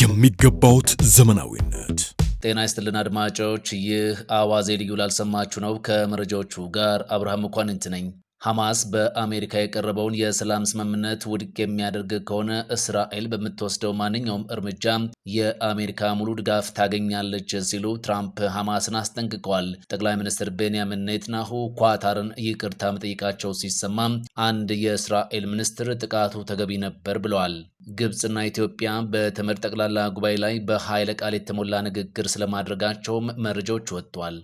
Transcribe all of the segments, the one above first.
የሚገባውት ዘመናዊነት ጤና ይስጥልን አድማጮች፣ ይህ አዋዜ ልዩ ላልሰማችሁ ነው። ከመረጃዎቹ ጋር አብርሃም እንኳን ነኝ። ሐማስ በአሜሪካ የቀረበውን የሰላም ስምምነት ውድቅ የሚያደርግ ከሆነ እስራኤል በምትወስደው ማንኛውም እርምጃ የአሜሪካ ሙሉ ድጋፍ ታገኛለች ሲሉ ትራምፕ ሐማስን አስጠንቅቀዋል። ጠቅላይ ሚኒስትር ቤንያሚን ኔትናሁ ኳታርን ይቅርታ መጠየቃቸው ሲሰማ አንድ የእስራኤል ሚኒስትር ጥቃቱ ተገቢ ነበር ብለዋል። ግብፅና ኢትዮጵያ በተመድ ጠቅላላ ጉባኤ ላይ በኃይለ ቃል የተሞላ ንግግር ስለማድረጋቸውም መረጃዎች ወጥቷል።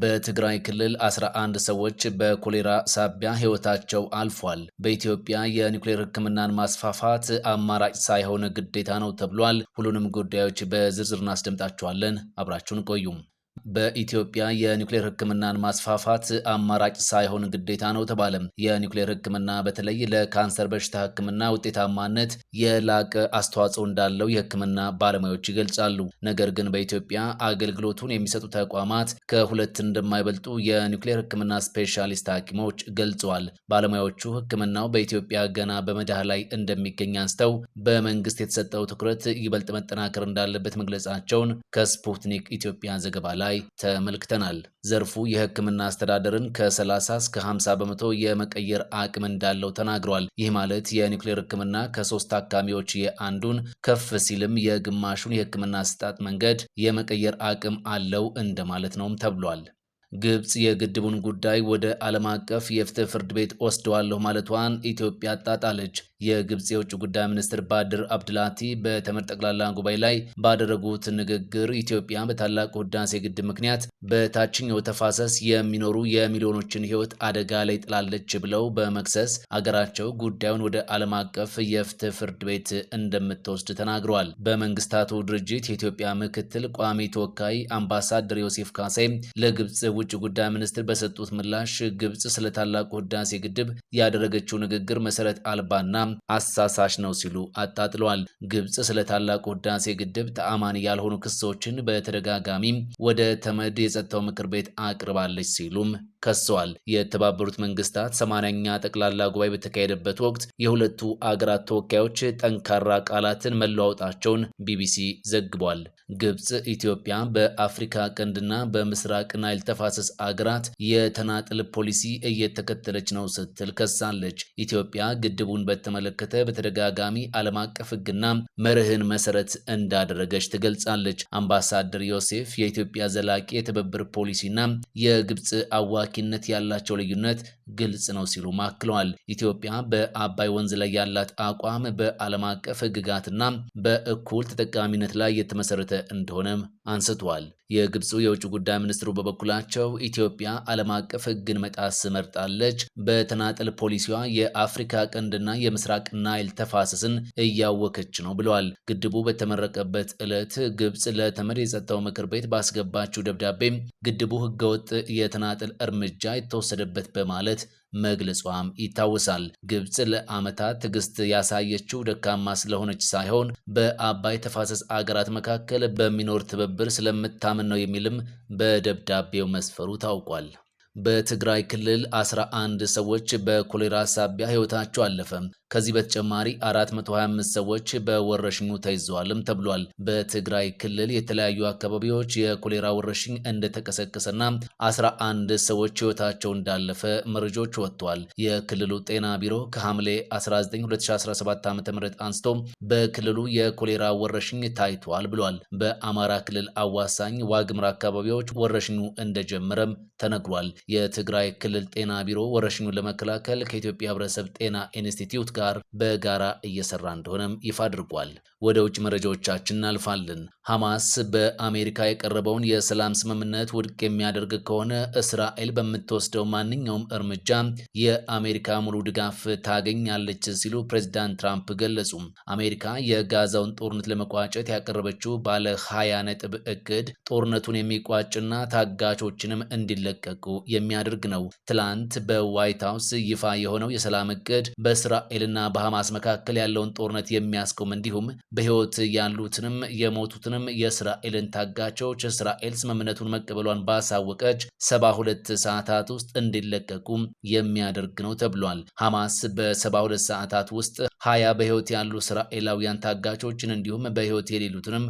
በትግራይ ክልል 11 ሰዎች በኮሌራ ሳቢያ ሕይወታቸው አልፏል። በኢትዮጵያ የኒውክሌር ሕክምናን ማስፋፋት አማራጭ ሳይሆን ግዴታ ነው ተብሏል። ሁሉንም ጉዳዮች በዝርዝር እናስደምጣችኋለን። አብራችሁን ቆዩም። በኢትዮጵያ የኒውክሌር ሕክምናን ማስፋፋት አማራጭ ሳይሆን ግዴታ ነው ተባለ። የኒውክሌር ሕክምና በተለይ ለካንሰር በሽታ ሕክምና ውጤታማነት የላቀ አስተዋጽኦ እንዳለው የሕክምና ባለሙያዎች ይገልጻሉ። ነገር ግን በኢትዮጵያ አገልግሎቱን የሚሰጡ ተቋማት ከሁለት እንደማይበልጡ የኒውክሌር ሕክምና ስፔሻሊስት ሐኪሞች ገልጸዋል። ባለሙያዎቹ ሕክምናው በኢትዮጵያ ገና በመዳህ ላይ እንደሚገኝ አንስተው በመንግስት የተሰጠው ትኩረት ይበልጥ መጠናከር እንዳለበት መግለጻቸውን ከስፑትኒክ ኢትዮጵያ ዘገባ ላይ ላይ ተመልክተናል። ዘርፉ የህክምና አስተዳደርን ከ30 እስከ 50 በመቶ የመቀየር አቅም እንዳለው ተናግሯል። ይህ ማለት የኒውክሌር ህክምና ከሶስት አካሚዎች የአንዱን ከፍ ሲልም የግማሹን የህክምና አሰጣጥ መንገድ የመቀየር አቅም አለው እንደማለት ነውም ተብሏል። ግብጽ የግድቡን ጉዳይ ወደ ዓለም አቀፍ የፍትህ ፍርድ ቤት ወስደዋለሁ ማለቷን ኢትዮጵያ አጣጣለች። የግብፅ የውጭ ጉዳይ ሚኒስትር ባድር አብድላቲ በተመድ ጠቅላላ ጉባኤ ላይ ባደረጉት ንግግር ኢትዮጵያ በታላቁ ህዳሴ ግድብ ምክንያት በታችኛው ተፋሰስ የሚኖሩ የሚሊዮኖችን ህይወት አደጋ ላይ ጥላለች ብለው በመክሰስ አገራቸው ጉዳዩን ወደ ዓለም አቀፍ የፍትህ ፍርድ ቤት እንደምትወስድ ተናግረዋል። በመንግስታቱ ድርጅት የኢትዮጵያ ምክትል ቋሚ ተወካይ አምባሳደር ዮሴፍ ካሳይም ለግብፅ ውጭ ጉዳይ ሚኒስትር በሰጡት ምላሽ ግብፅ ስለ ታላቁ ህዳሴ ግድብ ያደረገችው ንግግር መሰረት አልባና አሳሳሽ ነው ሲሉ አጣጥለዋል። ግብጽ ስለ ታላቁ ህዳሴ ግድብ ተአማኒ ያልሆኑ ክሶችን በተደጋጋሚ ወደ ተመድ የጸጥታው ምክር ቤት አቅርባለች ሲሉም ከሰዋል። የተባበሩት መንግስታት ሰማንያኛ ጠቅላላ ጉባኤ በተካሄደበት ወቅት የሁለቱ አገራት ተወካዮች ጠንካራ ቃላትን መለዋወጣቸውን ቢቢሲ ዘግቧል። ግብጽ ኢትዮጵያ በአፍሪካ ቀንድና በምስራቅ ናይል ተፋሰስ አገራት የተናጥል ፖሊሲ እየተከተለች ነው ስትል ከሳለች። ኢትዮጵያ ግድቡን በተመ በተመለከተ በተደጋጋሚ ዓለም አቀፍ ሕግና መርህን መሰረት እንዳደረገች ትገልጻለች። አምባሳደር ዮሴፍ የኢትዮጵያ ዘላቂ የትብብር ፖሊሲና የግብፅ አዋኪነት ያላቸው ልዩነት ግልጽ ነው ሲሉ አክለዋል። ኢትዮጵያ በአባይ ወንዝ ላይ ያላት አቋም በዓለም አቀፍ ሕግጋትና በእኩል ተጠቃሚነት ላይ የተመሰረተ እንደሆነም አንስተዋል። የግብፁ የውጭ ጉዳይ ሚኒስትሩ በበኩላቸው ኢትዮጵያ ዓለም አቀፍ ሕግን መጣስ መርጣለች፣ በተናጠል ፖሊሲዋ የአፍሪካ ቀንድና የምስራ የምስራቅ ናይል ተፋሰስን እያወከች ነው ብለዋል። ግድቡ በተመረቀበት ዕለት ግብፅ ለተመድ የጸጥታው ምክር ቤት ባስገባችው ደብዳቤ ግድቡ ህገወጥ የተናጠል እርምጃ የተወሰደበት በማለት መግለጿም ይታወሳል። ግብፅ ለዓመታት ትዕግስት ያሳየችው ደካማ ስለሆነች ሳይሆን በአባይ ተፋሰስ አገራት መካከል በሚኖር ትብብር ስለምታምን ነው የሚልም በደብዳቤው መስፈሩ ታውቋል። በትግራይ ክልል 11 ሰዎች በኮሌራ ሳቢያ ሕይወታቸው አለፈ። ከዚህ በተጨማሪ 425 ሰዎች በወረሽኙ ተይዘዋልም ተብሏል። በትግራይ ክልል የተለያዩ አካባቢዎች የኮሌራ ወረሽኝ እንደተቀሰቀሰና 11 ሰዎች ሕይወታቸው እንዳለፈ መረጃዎች ወጥተዋል። የክልሉ ጤና ቢሮ ከሐምሌ 192017 ዓ ም አንስቶ በክልሉ የኮሌራ ወረሽኝ ታይቷል ብሏል። በአማራ ክልል አዋሳኝ ዋግምራ አካባቢዎች ወረሽኙ እንደጀመረም ተነግሯል። የትግራይ ክልል ጤና ቢሮ ወረርሽኙን ለመከላከል ከኢትዮጵያ ህብረተሰብ ጤና ኢንስቲትዩት ጋር በጋራ እየሰራ እንደሆነም ይፋ አድርጓል። ወደ ውጭ መረጃዎቻችን እናልፋለን። ሐማስ በአሜሪካ የቀረበውን የሰላም ስምምነት ውድቅ የሚያደርግ ከሆነ እስራኤል በምትወስደው ማንኛውም እርምጃ የአሜሪካ ሙሉ ድጋፍ ታገኛለች ሲሉ ፕሬዚዳንት ትራምፕ ገለጹ። አሜሪካ የጋዛውን ጦርነት ለመቋጨት ያቀረበችው ባለ ሀያ ነጥብ እቅድ ጦርነቱን የሚቋጭና ታጋቾችንም እንዲለቀቁ የሚያደርግ ነው። ትላንት በዋይት ሀውስ ይፋ የሆነው የሰላም እቅድ በእስራኤልና በሐማስ መካከል ያለውን ጦርነት የሚያስቆም እንዲሁም በሕይወት ያሉትንም የሞቱትንም የእስራኤልን ታጋቾች እስራኤል ስምምነቱን መቀበሏን ባሳወቀች ሰባ ሁለት ሰዓታት ውስጥ እንዲለቀቁ የሚያደርግ ነው ተብሏል። ሐማስ በሰባ ሁለት ሰዓታት ውስጥ ሀያ በሕይወት ያሉ እስራኤላውያን ታጋቾችን እንዲሁም በሕይወት የሌሉትንም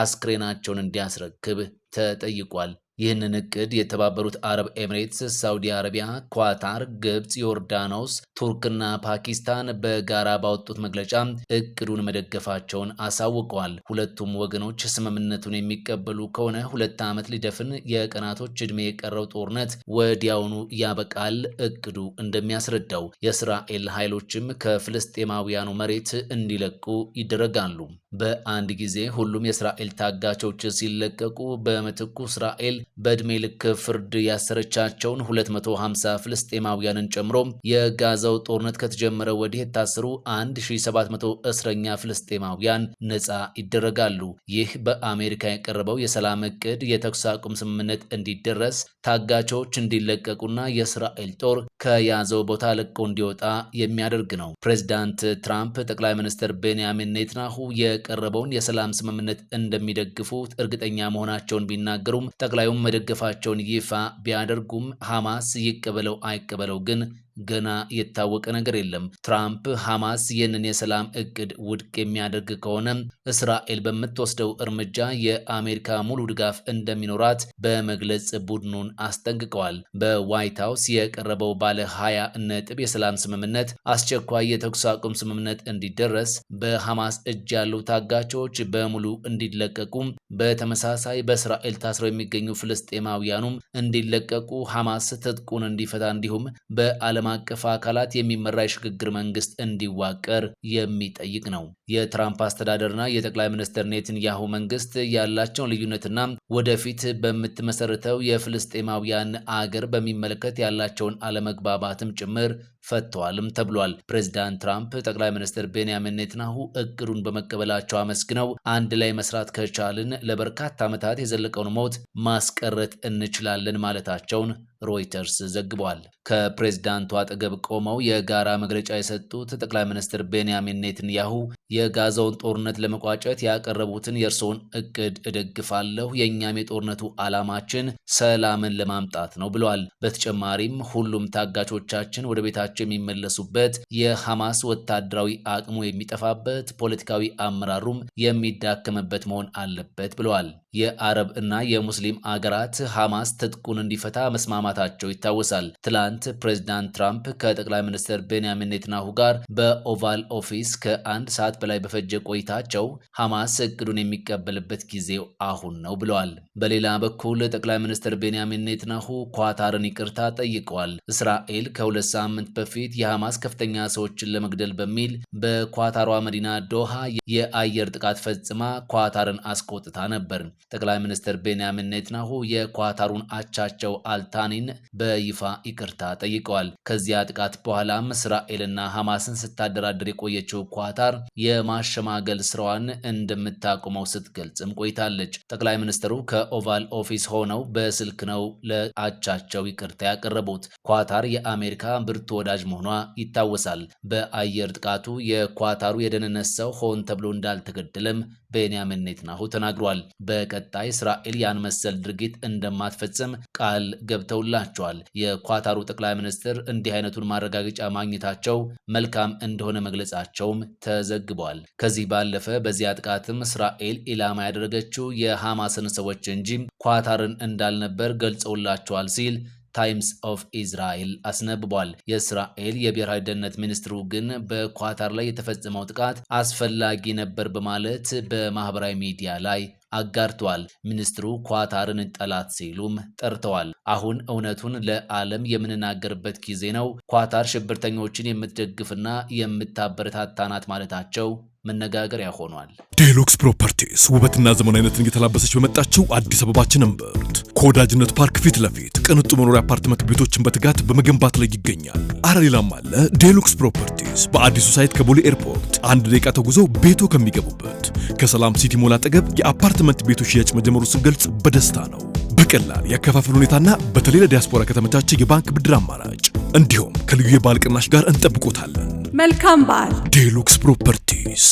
አስክሬናቸውን እንዲያስረክብ ተጠይቋል። ይህንን እቅድ የተባበሩት አረብ ኤምሬትስ፣ ሳውዲ አረቢያ፣ ኳታር፣ ግብፅ፣ ዮርዳኖስ፣ ቱርክና ፓኪስታን በጋራ ባወጡት መግለጫ እቅዱን መደገፋቸውን አሳውቀዋል። ሁለቱም ወገኖች ስምምነቱን የሚቀበሉ ከሆነ ሁለት ዓመት ሊደፍን የቀናቶች ዕድሜ የቀረው ጦርነት ወዲያውኑ ያበቃል። እቅዱ እንደሚያስረዳው የእስራኤል ኃይሎችም ከፍልስጤማውያኑ መሬት እንዲለቁ ይደረጋሉ። በአንድ ጊዜ ሁሉም የእስራኤል ታጋቾች ሲለቀቁ በምትኩ እስራኤል በዕድሜ ልክ ፍርድ ያሰረቻቸውን 250 ፍልስጤማውያንን ጨምሮ የጋዛው ጦርነት ከተጀመረ ወዲህ የታሰሩ 1700 እስረኛ ፍልስጤማውያን ነፃ ይደረጋሉ። ይህ በአሜሪካ የቀረበው የሰላም እቅድ የተኩስ አቁም ስምምነት እንዲደረስ ታጋቾች እንዲለቀቁና የእስራኤል ጦር ከያዘው ቦታ ለቆ እንዲወጣ የሚያደርግ ነው። ፕሬዚዳንት ትራምፕ ጠቅላይ ሚኒስትር ቤንያሚን ኔትናሁ የቀረበውን የሰላም ስምምነት እንደሚደግፉ እርግጠኛ መሆናቸውን ቢናገሩም ጠቅላዩም መደገፋቸውን ይፋ ቢያደርጉም ሐማስ ይቀበለው አይቀበለው ግን ገና የታወቀ ነገር የለም። ትራምፕ ሐማስ ይህንን የሰላም እቅድ ውድቅ የሚያደርግ ከሆነ እስራኤል በምትወስደው እርምጃ የአሜሪካ ሙሉ ድጋፍ እንደሚኖራት በመግለጽ ቡድኑን አስጠንቅቀዋል። በዋይት ሀውስ የቀረበው ባለ ሀያ ነጥብ የሰላም ስምምነት አስቸኳይ የተኩስ አቁም ስምምነት እንዲደረስ፣ በሐማስ እጅ ያሉ ታጋቾች በሙሉ እንዲለቀቁ፣ በተመሳሳይ በእስራኤል ታስረው የሚገኙ ፍልስጤማውያኑም እንዲለቀቁ፣ ሐማስ ትጥቁን እንዲፈታ እንዲሁም በዓለም አቀፍ አካላት የሚመራ የሽግግር መንግስት እንዲዋቀር የሚጠይቅ ነው። የትራምፕ አስተዳደርና የጠቅላይ ሚኒስትር ኔትንያሁ መንግስት ያላቸውን ልዩነትና ወደፊት በምትመሰርተው የፍልስጤማውያን አገር በሚመለከት ያላቸውን አለመግባባትም ጭምር ፈጥተዋልም ተብሏል። ፕሬዚዳንት ትራምፕ ጠቅላይ ሚኒስትር ቤንያሚን ኔትናሁ እቅዱን በመቀበላቸው አመስግነው አንድ ላይ መስራት ከቻልን ለበርካታ ዓመታት የዘለቀውን ሞት ማስቀረት እንችላለን ማለታቸውን ሮይተርስ ዘግቧል። ከፕሬዝዳንቱ አጠገብ ቆመው የጋራ መግለጫ የሰጡት ጠቅላይ ሚኒስትር ቤንያሚን ኔትንያሁ የጋዛውን ጦርነት ለመቋጨት ያቀረቡትን የእርስዎን እቅድ እደግፋለሁ፣ የእኛም የጦርነቱ ዓላማችን ሰላምን ለማምጣት ነው ብለዋል። በተጨማሪም ሁሉም ታጋቾቻችን ወደ ቤታቸው የሚመለሱበት፣ የሐማስ ወታደራዊ አቅሙ የሚጠፋበት፣ ፖለቲካዊ አመራሩም የሚዳከምበት መሆን አለበት ብለዋል። የአረብ እና የሙስሊም አገራት ሐማስ ትጥቁን እንዲፈታ መስማማታቸው ይታወሳል። ትላንት ትናንት ፕሬዚዳንት ትራምፕ ከጠቅላይ ሚኒስትር ቤንያሚን ኔትናሁ ጋር በኦቫል ኦፊስ ከአንድ ሰዓት በላይ በፈጀ ቆይታቸው ሐማስ እቅዱን የሚቀበልበት ጊዜው አሁን ነው ብለዋል። በሌላ በኩል ጠቅላይ ሚኒስትር ቤንያሚን ኔትናሁ ኳታርን ይቅርታ ጠይቀዋል። እስራኤል ከሁለት ሳምንት በፊት የሐማስ ከፍተኛ ሰዎችን ለመግደል በሚል በኳታሯ መዲና ዶሃ የአየር ጥቃት ፈጽማ ኳታርን አስቆጥታ ነበር። ጠቅላይ ሚኒስትር ቤንያሚን ኔትናሁ የኳታሩን አቻቸው አልታኒን በይፋ ይቅርታ ጠይቀዋል። ከዚያ ጥቃት በኋላም እስራኤልና ሐማስን ስታደራድር የቆየችው ኳታር የማሸማገል ስራዋን እንደምታቆመው ስትገልጽም ቆይታለች። ጠቅላይ ሚኒስትሩ ከኦቫል ኦፊስ ሆነው በስልክ ነው ለአቻቸው ይቅርታ ያቀረቡት። ኳታር የአሜሪካ ብርቱ ወዳጅ መሆኗ ይታወሳል። በአየር ጥቃቱ የኳታሩ የደህንነት ሰው ሆን ተብሎ እንዳልተገደለም ቤንያሚን ኔትናሁ ተናግሯል። በቀጣይ እስራኤል ያን መሰል ድርጊት እንደማትፈጽም ቃል ገብተውላቸዋል። የኳታሩ ጠቅላይ ሚኒስትር እንዲህ አይነቱን ማረጋገጫ ማግኘታቸው መልካም እንደሆነ መግለጻቸውም ተዘግቧል። ከዚህ ባለፈ በዚያ ጥቃትም እስራኤል ኢላማ ያደረገችው የሐማስን ሰዎች እንጂ ኳታርን እንዳልነበር ገልጸውላቸዋል ሲል ታይምስ ኦፍ ኢዝራኤል አስነብቧል። የእስራኤል የብሔራዊ ደህንነት ሚኒስትሩ ግን በኳታር ላይ የተፈጸመው ጥቃት አስፈላጊ ነበር በማለት በማህበራዊ ሚዲያ ላይ አጋርተዋል። ሚኒስትሩ ኳታርን ጠላት ሲሉም ጠርተዋል። አሁን እውነቱን ለዓለም የምንናገርበት ጊዜ ነው። ኳታር ሽብርተኞችን የምትደግፍና የምታበረታታ ናት ማለታቸው መነጋገሪያ ሆኗል። ዴሉክስ ፕሮፐርቲስ ውበትና አይነትን እየተላበሰች በመጣችው አዲስ አበባችን እምብርት ከወዳጅነት ፓርክ ፊት ለፊት ቅንጡ መኖሪያ አፓርትመንት ቤቶችን በትጋት በመገንባት ላይ ይገኛል። አረ ሌላም አለ። ዴሉክስ ፕሮፐርቲስ በአዲሱ ሳይት ከቦሌ ኤርፖርት አንድ ደቂቃ ተጉዞ ቤቶ ከሚገቡበት ከሰላም ሲቲ ሞል አጠገብ የአፓርትመንት ቤቶች ሽያጭ መጀመሩ ስንገልጽ በደስታ ነው። በቀላል የአከፋፈል ሁኔታና በተለይ ለዲያስፖራ ከተመቻቸ የባንክ ብድር አማራጭ እንዲሁም ከልዩ የበዓል ቅናሽ ጋር እንጠብቆታለን። መልካም በዓል! ዴሉክስ ፕሮፐርቲስ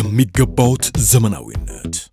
የሚገባውት ዘመናዊነት